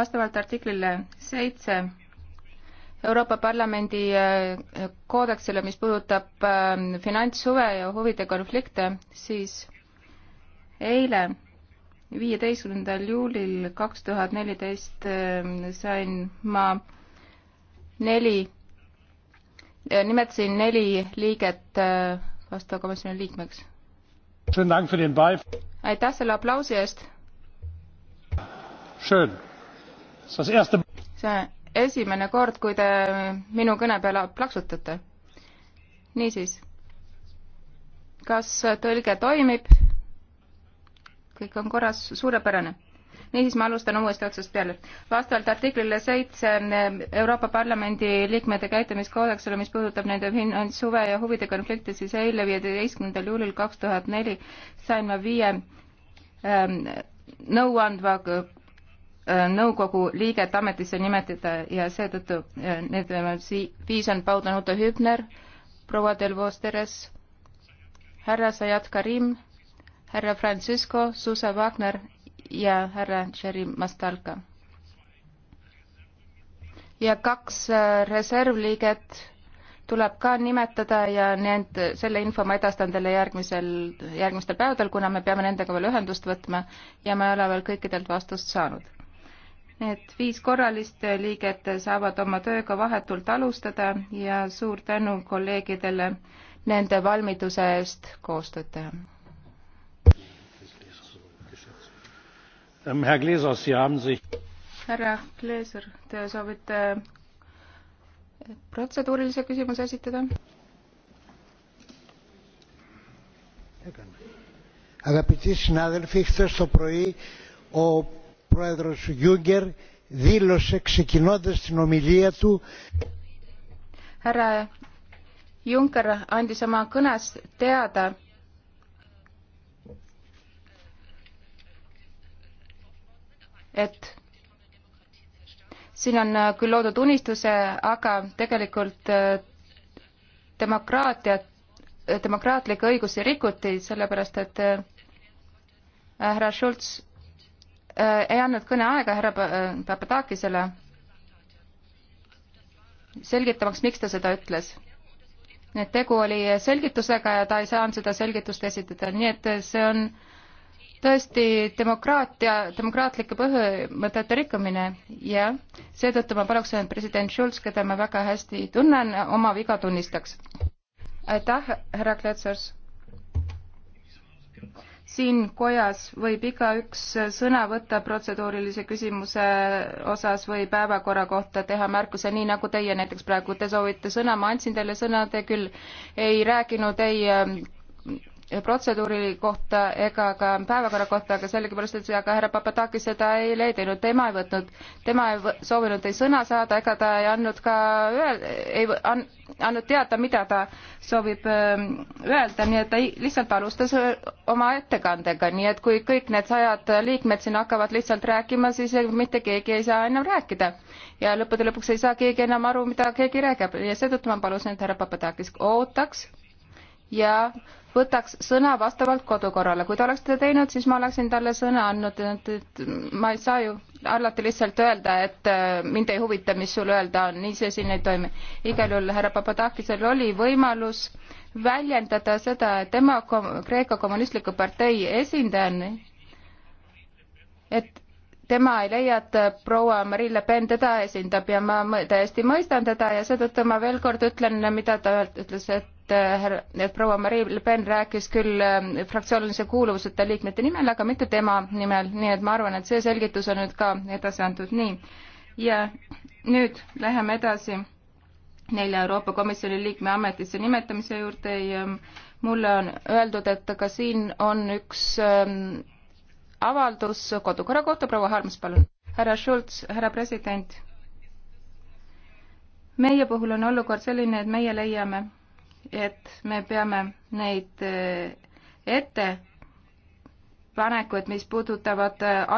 vastavalt artiklile seitse Euroopa Parlamendi eh, koodeksile, mis puudutab eh, finantshuve ja huvide konflikte, siis eile, viieteistkümnendal juulil kaks tuhat neliteist eh, sain ma neli, nimetasin neli liiget vastava komisjoni liikmeks. aitäh selle aplausi eest! Schön see on esimene kord, kui te minu kõne peale plaksutate. niisiis, kas tõlge toimib? kõik on korras, suurepärane. niisiis, ma alustan uuesti otsast peale. vastavalt artiklile seitse Euroopa Parlamendi liikmete käitumiskoodeksile, mis puudutab nende finantshuve ja huvide konflikte, siis eile, viieteistkümnendal juulil kaks tuhat neli sain ma viie ähm, nõuandva Äh, nõukogu liiget ametisse nimetada ja seetõttu äh, need viis on Paul-Danuta Hübner, proua Delvos Teres, härra Zayat Karim, härra Francisco Susa Wagner ja härra Jerry Mastalka. ja kaks äh, reservliiget tuleb ka nimetada ja need, selle info ma edastan teile järgmisel, järgmistel päevadel, kuna me peame nendega veel ühendust võtma ja ma ei ole veel kõikidelt vastust saanud Need viis korralist liiget saavad oma tööga vahetult alustada ja suur tänu kolleegidele nende valmiduse eest koostööd teha. Ähm, härra Gleeser, te soovite protseduurilise küsimuse esitada? Αγαπητοί συνάδελφοι, χθες το πρωί ο πρόεδρος Γιούγκερ δήλωσε ξεκινώντας την ομιλία του Härra Juncker andis oma kõnes teada, et siin on küll loodud unistuse, aga tegelikult äh, demokraatia, demokraatlikke õigusi rikuti, sellepärast et äh, härra Schulz Äh, ei andnud kõneaega härra äh, Papadakisele selgitamaks, miks ta seda ütles. nii et tegu oli selgitusega ja ta ei saanud seda selgitust esitada, nii et see on tõesti demokraatia, demokraatlike põhimõtete rikkumine ja seetõttu ma paluksin, et president Schulz, keda ma väga hästi tunnen, oma viga tunnistaks. aitäh, härra Kletsers siin kojas võib igaüks sõna võtta protseduurilise küsimuse osas või päevakorra kohta teha märkuse, nii nagu teie näiteks praegu, te soovite sõna, ma andsin teile sõna, te küll ei rääkinud ei protseduuri kohta ega ka päevakorra kohta, aga sellegipärast, et aga härra Papadakis seda ei leidinud, tema ei võtnud, tema ei soovinud ei sõna saada ega ta ei andnud ka öel-, ei an, andnud teada, mida ta soovib ähm, öelda, nii et ta lihtsalt alustas oma ettekandega, nii et kui kõik need sajad liikmed siin hakkavad lihtsalt rääkima, siis mitte keegi ei saa enam rääkida. ja lõppude lõpuks ei saa keegi enam aru, mida keegi räägib ja seetõttu ma palusin, et härra Papadakis ootaks ja võtaks sõna vastavalt kodukorrale. kui ta oleks seda teinud, siis ma oleksin talle sõna andnud, et, et ma ei saa ju alati lihtsalt öelda, et äh, mind ei huvita, mis sul öelda on, nii see siin ei toimi. igal juhul härra Papadakisel oli võimalus väljendada seda, et tema kom Kreeka Kommunistliku Partei esindajana, et tema ei leia, et proua Marine Le Pen teda esindab ja ma täiesti mõistan teda ja seetõttu ma veel kord ütlen, mida ta ütles, et et härra, äh, et proua Marie Le Pen rääkis küll äh, fraktsioonilise kuuluvuseta liikmete nimel, aga mitte tema nimel, nii et ma arvan, et see selgitus on nüüd ka edasi antud nii. ja nüüd läheme edasi nelja Euroopa Komisjoni liikme ametisse nimetamise juurde ja mulle on öeldud, et ka siin on üks ähm, avaldus kodukorra kohta, proua Harms, palun. härra Schulz, härra president meie puhul on olukord selline, et meie leiame, et me peame neid eh, ettepanekuid, mis puudutavad eh, aju